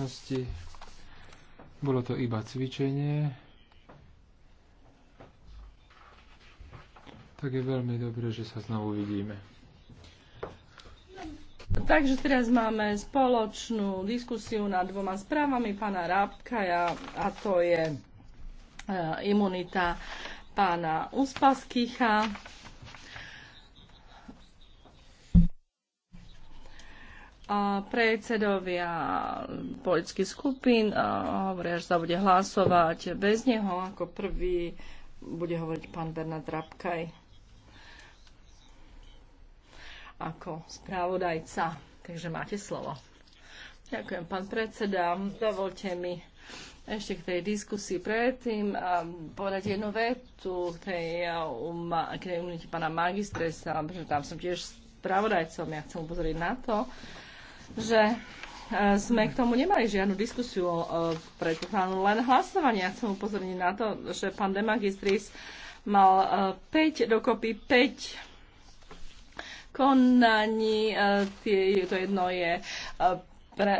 miestnosti. Bolo to iba cvičenie. Tak je veľmi dobré, že sa znovu vidíme. Takže teraz máme spoločnú diskusiu nad dvoma správami pána Rábkaja a to je e, imunita pána Uspaskycha predsedovia politických skupín hovoria, že sa bude hlasovať bez neho. Ako prvý bude hovoriť pán Bernard Rabkaj ako správodajca. Takže máte slovo. Ďakujem, pán predseda. Dovolte mi ešte k tej diskusii predtým povedať jednu vetu k tej, k unite pána magistresa, pretože tam som tiež spravodajcom. Ja chcem upozoriť na to, že e, sme k tomu nemali žiadnu diskusiu predpokladnú len hlasovanie. Ja chcem upozorniť na to, že pán Demagistris mal 5, e, dokopy 5 konaní, e, tie, to jedno je, pre,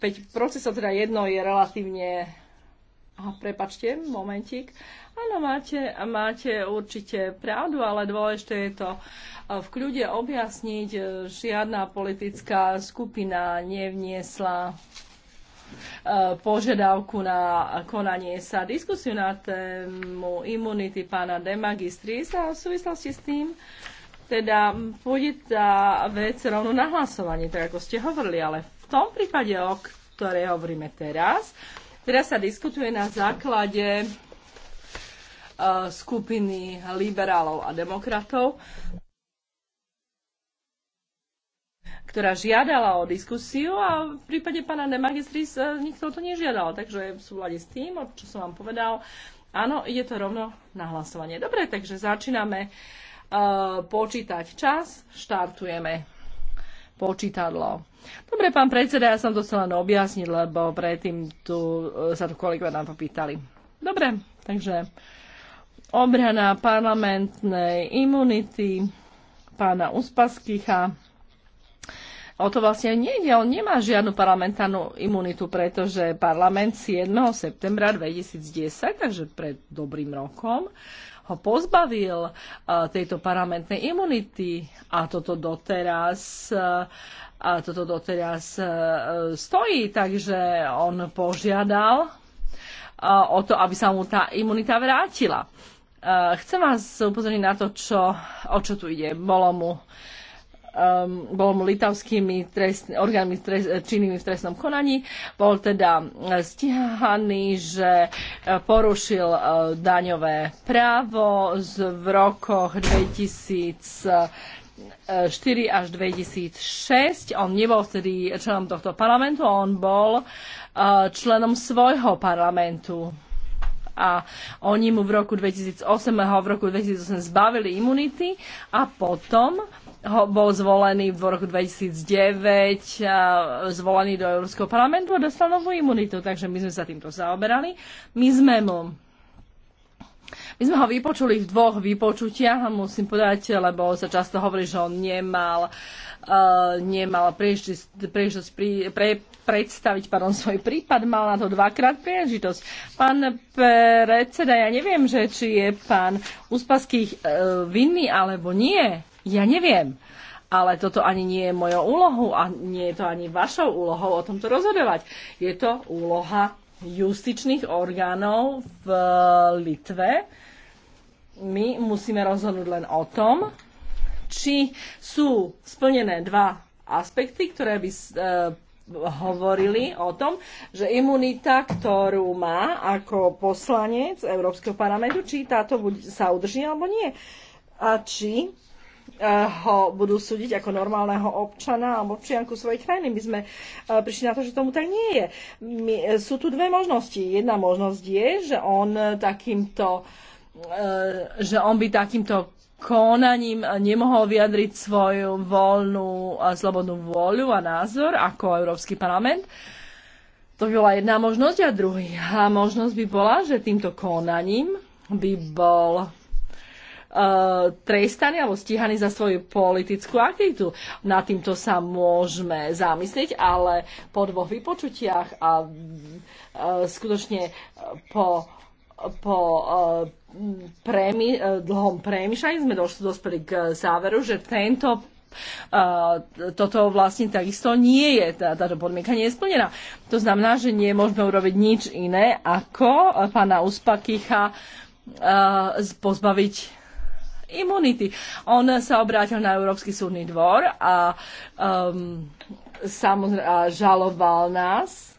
5 procesov, teda jedno je relatívne a prepačte, momentík. Áno, máte, máte určite pravdu, ale dôležité je to eh, v kľude objasniť. Eh, žiadna politická skupina nevniesla eh, požiadavku na konanie sa diskusiu na tému imunity pána Demagistris a v súvislosti s tým, teda pôjde tá vec rovno na hlasovanie, tak ako ste hovorili, ale v tom prípade, o ktorej hovoríme teraz, Teraz sa diskutuje na základe e, skupiny liberálov a demokratov, ktorá žiadala o diskusiu a v prípade pána Demagistris e, nikto to nežiadal. Takže v súlade s tým, čo som vám povedal, áno, ide to rovno na hlasovanie. Dobre, takže začíname uh, počítať čas, štartujeme počítadlo. Dobre, pán predseda, ja som to chcela len objasniť, lebo predtým tu e, sa tu kolegovia nám popýtali. Dobre, takže obrana parlamentnej imunity pána Uspaskycha. O to vlastne nejde, on nemá žiadnu parlamentárnu imunitu, pretože parlament 7. septembra 2010, takže pred dobrým rokom, ho pozbavil e, tejto parlamentnej imunity a toto doteraz e, a toto doteraz e, stojí, takže on požiadal o to, aby sa mu tá imunita vrátila. Chcem vás upozorniť na to, čo, o čo tu ide. Bolo mu um, bol litavskými trest, orgánmi trest, eh, činnými v trestnom konaní. Bol teda eh, stíhaný, že eh, porušil uh, daňové právo z, v rokoch 2000 4 až 2006. On nebol vtedy členom tohto parlamentu, on bol členom svojho parlamentu. A oni mu v roku 2008 ho v roku 2008 zbavili imunity a potom ho, bol zvolený v roku 2009, zvolený do Európskeho parlamentu a dostal novú imunitu, takže my sme sa týmto zaoberali. My sme mu my sme ho vypočuli v dvoch vypočutiach musím povedať, lebo sa často hovorí, že on nemal, uh, nemal príležitosť, prí, pre, predstaviť pardon, svoj prípad, mal na to dvakrát príležitosť. Pán predseda, ja neviem, že či je pán Uspaských uh, vinný alebo nie. Ja neviem, ale toto ani nie je mojou úlohou a nie je to ani vašou úlohou o tomto rozhodovať. Je to úloha justičných orgánov v Litve. My musíme rozhodnúť len o tom, či sú splnené dva aspekty, ktoré by e, hovorili o tom, že imunita, ktorú má ako poslanec Európskeho parlamentu, či táto sa udrží alebo nie. A či ho budú súdiť ako normálneho občana alebo občianku svojej krajiny. My sme eh, prišli na to, že tomu tak nie je. My, eh, sú tu dve možnosti. Jedna možnosť je, že on eh, takýmto že on by takýmto konaním nemohol vyjadriť svoju voľnú a slobodnú vôľu a názor ako Európsky parlament. To by bola jedna možnosť a druhá možnosť by bola, že týmto konaním by bol E, trestaní alebo stíhaní za svoju politickú aktivitu. Na týmto sa môžeme zamyslieť, ale po dvoch vypočutiach a e, skutočne po po e, premi, dlhom premýšľaní sme došli, dospeli k záveru, že tento toto vlastne takisto nie je, tá, táto podmienka nie je splnená. To znamená, že nie môžeme urobiť nič iné, ako pána Uspakicha pozbaviť imunity. On sa obrátil na Európsky súdny dvor a um, samozrejme žaloval nás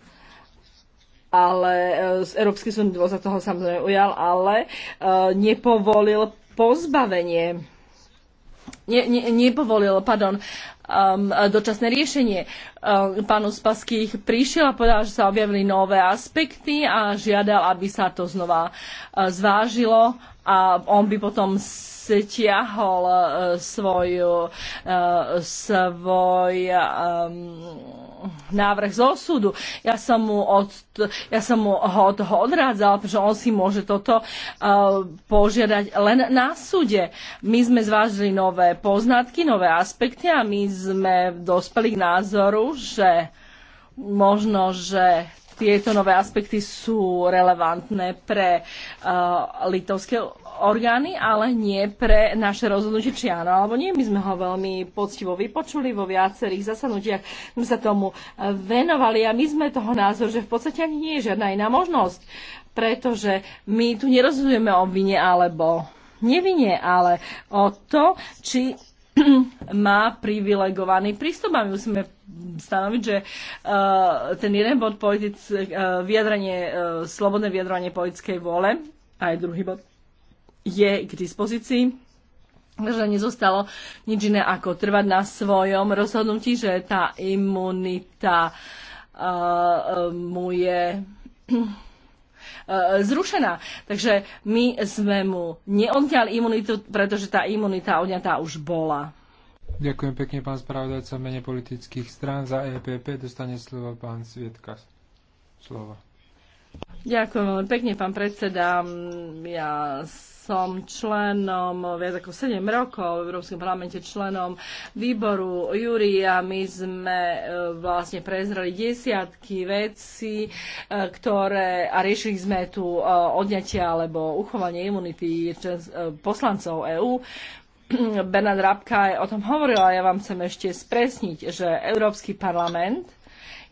ale e, Európsky súdny dvor sa toho samozrejme ujal, ale uh, nepovolil pozbavenie ne, ne, nepovolil, pardon, um, dočasné riešenie. Um, pán Uspaských prišiel a povedal, že sa objavili nové aspekty a žiadal, aby sa to znova uh, zvážilo a on by potom stiahol uh, svoju, uh, svoj um, návrh z osudu. Ja som mu, od, ja som mu ho od toho odrádzala, pretože on si môže toto uh, požiadať len na súde. My sme zvážili nové poznatky, nové aspekty a my sme dospeli k názoru, že možno, že tieto nové aspekty sú relevantné pre uh, litovské orgány, ale nie pre naše rozhodnutie, či áno alebo nie. My sme ho veľmi poctivo vypočuli vo viacerých zasadnutiach, my sa tomu uh, venovali a my sme toho názoru, že v podstate ani nie je žiadna iná možnosť, pretože my tu nerozhodujeme o vine alebo nevine, ale o to, či má privilegovaný prístup a my musíme stanoviť, že uh, ten jeden bod politic, uh, eh, vyjadranie, uh, eh, slobodné vyjadranie politickej vôle a aj druhý bod je k dispozícii že nezostalo nič iné ako trvať na svojom rozhodnutí, že tá imunita uh, mu je E, zrušená. Takže my sme mu neodňali imunitu, pretože tá imunita odňatá už bola. Ďakujem pekne, pán spravodajca, mene politických strán za EPP. Dostane slovo pán Svietka. Slova. Ďakujem veľmi pekne, pán predseda. Ja som členom viac ako 7 rokov v Európskom parlamente členom výboru Júri a my sme e, vlastne prezreli desiatky vecí, e, ktoré a riešili sme tu e, odňatia alebo uchovanie imunity poslancov EÚ. Bernard Rabka je o tom hovoril a ja vám chcem ešte spresniť, že Európsky parlament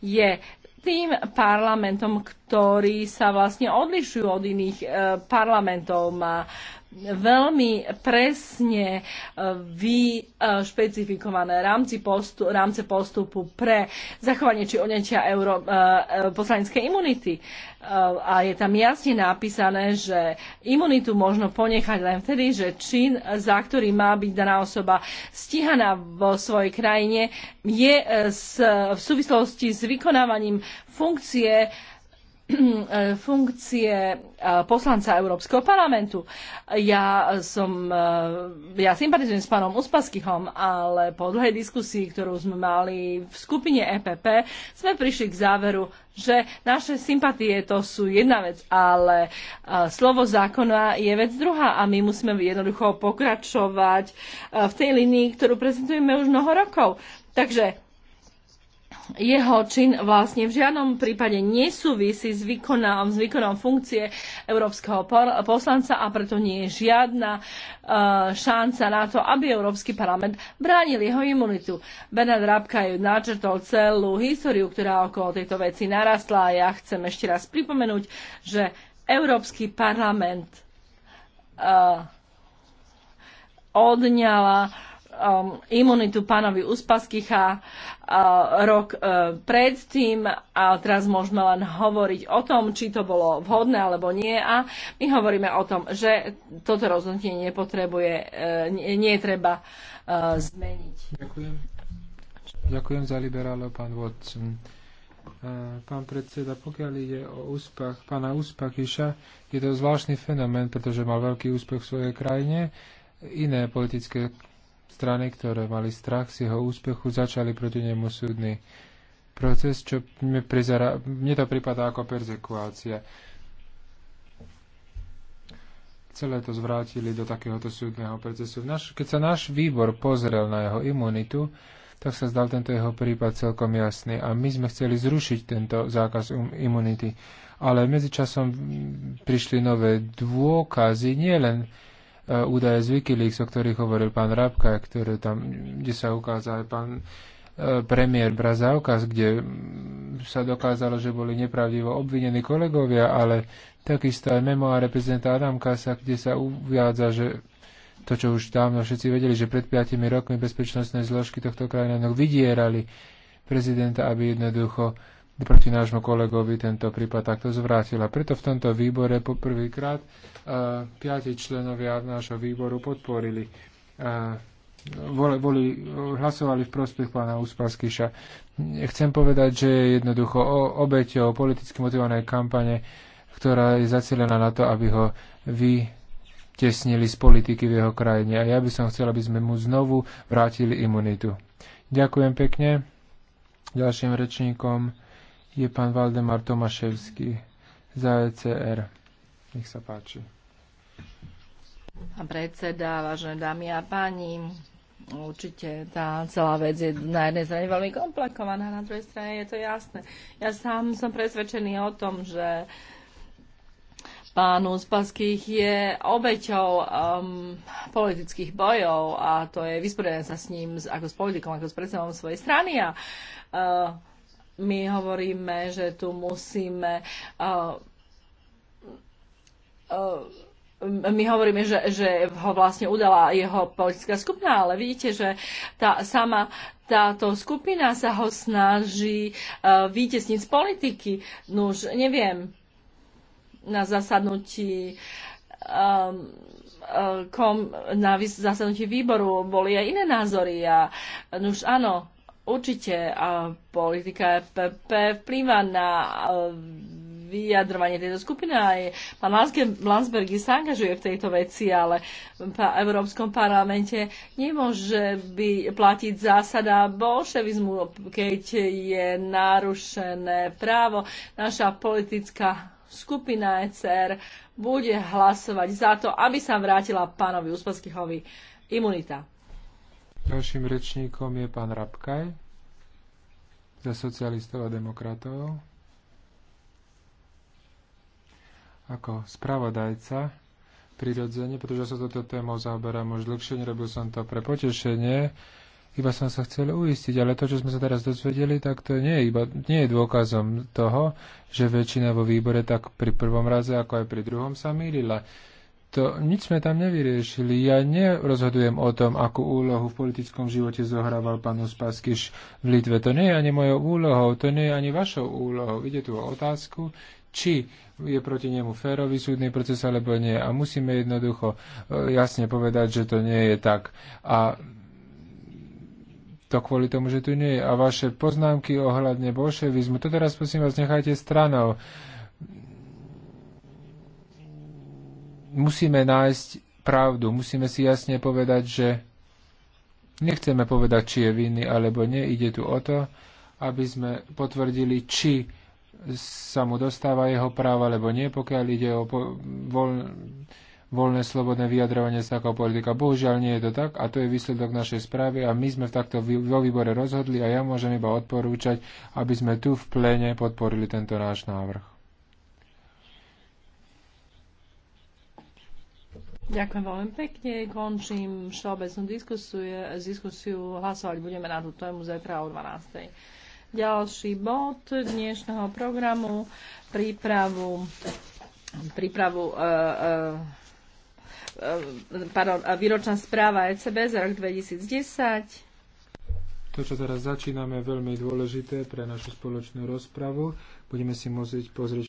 je tým parlamentom, ktorí sa vlastne odlišujú od iných eh, parlamentov. Má veľmi presne e, vyšpecifikované rámci postu, rámce postupu pre zachovanie či odňatia euro, e, e, poslaneckej imunity. A je tam jasne napísané, že imunitu možno ponechať len vtedy, že čin, za ktorý má byť daná osoba stíhaná vo svojej krajine, je v súvislosti s vykonávaním funkcie funkcie e, poslanca Európskeho parlamentu. Ja som, e, ja sympatizujem s pánom Uspaskichom, ale po dlhej diskusii, ktorú sme mali v skupine EPP, sme prišli k záveru, že naše sympatie to sú jedna vec, ale e, slovo zákona je vec druhá a my musíme jednoducho pokračovať v tej linii, ktorú prezentujeme už mnoho rokov. Takže jeho čin vlastne v žiadnom prípade nesúvisí s výkonom, s výkonom funkcie európskeho poslanca a preto nie je žiadna e, šanca na to, aby Európsky parlament bránil jeho imunitu. Bernard Rabka ju načrtol celú históriu, ktorá okolo tejto veci narastla a ja chcem ešte raz pripomenúť, že Európsky parlament uh, odňala um, imunitu pánovi Uspaskycha uh, rok uh, predtým a teraz môžeme len hovoriť o tom, či to bolo vhodné alebo nie a my hovoríme o tom, že toto rozhodnutie nepotrebuje, uh, nie, nie treba uh, zmeniť. Ďakujem. Ďakujem za liberálo, pán Watson. Uh, pán predseda, pokiaľ ide o úspech pána Uspachyša, je to zvláštny fenomén, pretože mal veľký úspech v svojej krajine. Iné politické strany, ktoré mali strach z jeho úspechu, začali proti nemu súdny proces, čo mne, prizera, mne to pripadá ako persekuácia. Celé to zvrátili do takéhoto súdneho procesu. Naš, keď sa náš výbor pozrel na jeho imunitu, tak sa zdal tento jeho prípad celkom jasný. A my sme chceli zrušiť tento zákaz um, imunity. Ale medzičasom prišli nové dôkazy, nielen Eh, údaje z Wikileaks, o ktorých hovoril pán Rabka, ktoré tam, kde sa ukázal aj pán eh, premiér Brazaukas, kde sa dokázalo, že boli nepravdivo obvinení kolegovia, ale takisto aj memoár prezidenta Adamkasa, kde sa uviádza, že to, čo už dávno všetci vedeli, že pred 5 rokmi bezpečnostné zložky tohto krajina no, vydierali prezidenta, aby jednoducho proti nášmu kolegovi tento prípad takto zvrátil. A preto v tomto výbore poprvýkrát uh, piati členovia nášho výboru podporili uh, e, voli, voli, hlasovali v prospech pána Uspaskyša. Chcem povedať, že je jednoducho o obeťou politicky motivovanej kampane, ktorá je zacielená na to, aby ho vytesnili z politiky v jeho krajine. A ja by som chcel, aby sme mu znovu vrátili imunitu. Ďakujem pekne ďalším rečníkom je pán Valdemar Tomaševský za ECR. Nech sa páči. Pán predseda, vážené dámy a páni, určite tá celá vec je na jednej strane veľmi komplikovaná, na druhej strane je to jasné. Ja sám som presvedčený o tom, že pán Uspaských je obeťou um, politických bojov a to je vysporiadanie sa s ním ako s politikom, ako s predsedom svojej strany a uh, my hovoríme, že tu musíme my hovoríme, že, že ho vlastne udala jeho politická skupina, ale vidíte, že tá sama táto skupina sa ho snaží uh, vytesniť z politiky. No už neviem, na zasadnutí um, kom, na zasadnutí výboru boli aj iné názory a no už áno, Určite politika EPP vplýva na vyjadrovanie tejto skupiny. Aj pán Landsberg sa angažuje v tejto veci, ale v Európskom parlamente nemôže by platiť zásada bolševizmu, keď je narušené právo. Naša politická skupina ECR bude hlasovať za to, aby sa vrátila pánovi Uspaskichovi imunita. Ďalším rečníkom je pán Rabkaj za socialistov a demokratov. Ako spravodajca prirodzene, pretože sa toto témou zaoberám už dlhšie, nerobil som to pre potešenie, iba som sa chcel uistiť, ale to, čo sme sa teraz dozvedeli, tak to nie je, iba, nie je dôkazom toho, že väčšina vo výbore tak pri prvom raze, ako aj pri druhom sa mýlila to nič sme tam nevyriešili. Ja nerozhodujem o tom, akú úlohu v politickom živote zohrával pán Spaskyš v Litve. To nie je ani mojou úlohou, to nie je ani vašou úlohou. Ide tu o otázku, či je proti nemu férový súdny proces alebo nie. A musíme jednoducho e, jasne povedať, že to nie je tak. A to kvôli tomu, že tu nie je. A vaše poznámky ohľadne bolševizmu, to teraz prosím vás nechajte stranou. Uh, musíme nájsť pravdu, musíme si jasne povedať, že nechceme povedať, či je vinný alebo nie, ide tu o to, aby sme potvrdili, či sa mu dostáva jeho práva alebo nie, pokiaľ ide o po- voľ- voľné slobodné vyjadrovanie sa ako politika. Bohužiaľ nie je to tak a to je výsledok našej správy a my sme v takto vý- vo výbore rozhodli a ja môžem iba odporúčať, aby sme tu v plene podporili tento náš návrh. Ďakujem veľmi pekne. Končím všeobecnú diskusiu. diskusiu. Hlasovať budeme na tú tému zajtra o 12. Ďalší bod dnešného programu, prípravu, prípravu uh, uh, pardon, výročná správa ECB za rok 2010. To, čo teraz začíname, je veľmi dôležité pre našu spoločnú rozpravu. Budeme si môcť pozrieť